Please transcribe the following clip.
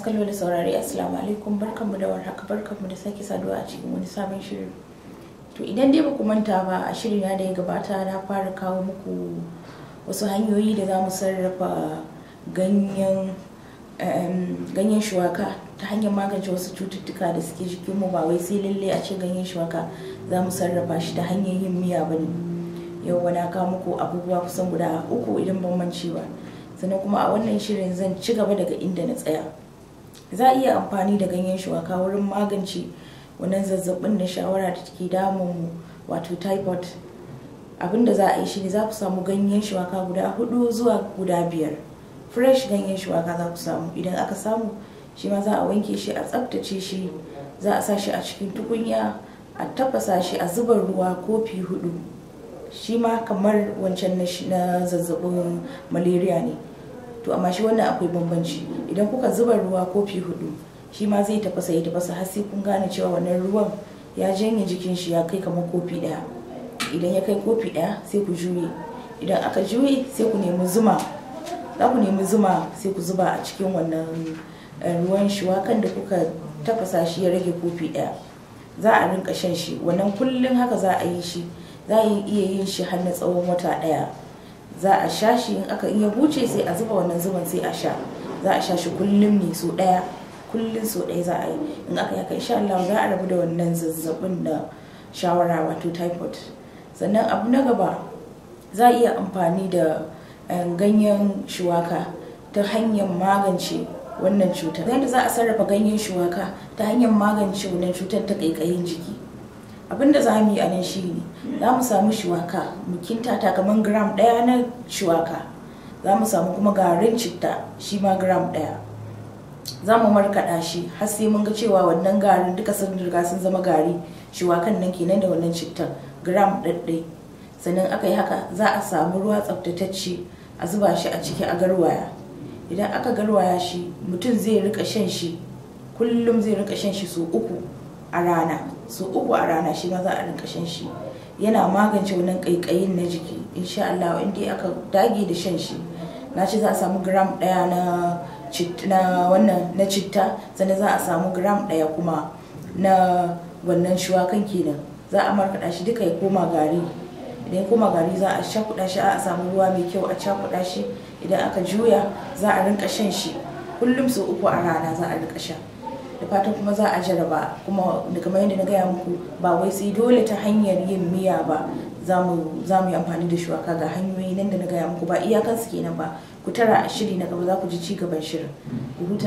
Kallo da saurari Assalamu alaikum barkanmu da warhaka barkanmu da sake saduwa a cikin wani sabon shirin. To idan dai ku manta ba a shirin da ya gabata na fara kawo muku wasu hanyoyi da za mu sarrafa ganyen ganyen shuwaka ta hanyar magance wasu cututtuka da suke jikinmu ba wai sai lalle a ce ganyen shuwaka za mu sarrafa shi ta hanyar yin miya ba ne. Yau wani kawo muku abubuwa kusan guda uku idan ban mance ba. Sannan kuma a wannan shirin zan ci gaba daga inda na tsaya. za a iya amfani da ganyen shuwaka wurin magance wannan zazzabin na shawara da take damun mu wato typhoid abin da za a yi shi ne za ku samu ganyen shuwaka guda hudu zuwa guda biyar fresh ganyen shuwaka za ku samu idan aka samu shi ma za a wanke shi a tsaftace shi za a sa shi a cikin tukunya a tafasa shi a zubar ruwa kofi hudu shi ma kamar wancan na zazzabin malaria ne to amma shi wannan akwai bambanci idan kuka zuba ruwa kofi hudu shi ma zai tafasa ya tafasa har sai kun gane cewa wannan ruwan ya janye jikin shi ya kai kamar kofi daya idan ya kai kofi daya sai ku juye idan aka juye sai ku nemi zuma za ku nemi zuma sai ku zuba a cikin wannan eh, ruwan shuwakan da kuka tafasa shi ya rage kofi daya za a rinka shan shi wannan kullum haka za a yi shi za a iya yin shi har na tsawon wata daya za a sha shi in aka iya huce sai a zuba wannan zuban sai a sha za a sha shi kullum ne so daya kullum so daya za a yi in aka yaka insha Allah za a rabu da wannan zazzabin da shawara wato typhoid sannan abu na gaba za a iya amfani da eh, ganyen shuwaka ta hanyar magance wannan cutar yadda za a sarrafa ganyen shuwaka ta hanyar magance wannan cutar ta ƙaiƙayin jiki abinda za mu yi a nan shine za mu samu shuwaka mu ta kamar gram ɗaya na shuwaka za mu samu kuma garin citta shi ma gram ɗaya za mu markaɗa shi har sai mun ga cewa wannan garin duka sun riga sun zama gari shuwakan nan kenan da wannan cittan gram ɗaɗɗai sannan aka yi haka za a samu ruwa tsaftatacce a zuba shi a ciki a garwaya idan aka garwaya shi mutum zai rika shan shi kullum zai rika shan shi so uku a rana so uku a rana shi ma za a rinka shan shi yana magance wannan kaikayin na jiki insha Allah in dai aka dage da shan shi na ce za a samu gram ɗaya na na wannan na citta sannan za a samu gram ɗaya kuma na wannan shuwakan kenan za a markaɗa shi duka ya koma gari idan ya koma gari za a cakuɗa shi a samu ruwa mai kyau a cakuɗa shi idan aka juya za a rinka shan shi kullum sau uku a rana za a rinka sha da fatan kuma za a jaraba kuma daga kamar yadda na gaya muku ba wai sai dole ta hanyar yin miya ba za mu yi amfani da shuwaka ga hanyoyi nan da na gaya muku ba iyakansu kenan ba ku tara shiri na gaba za ku ji ci gaban shirin ku huta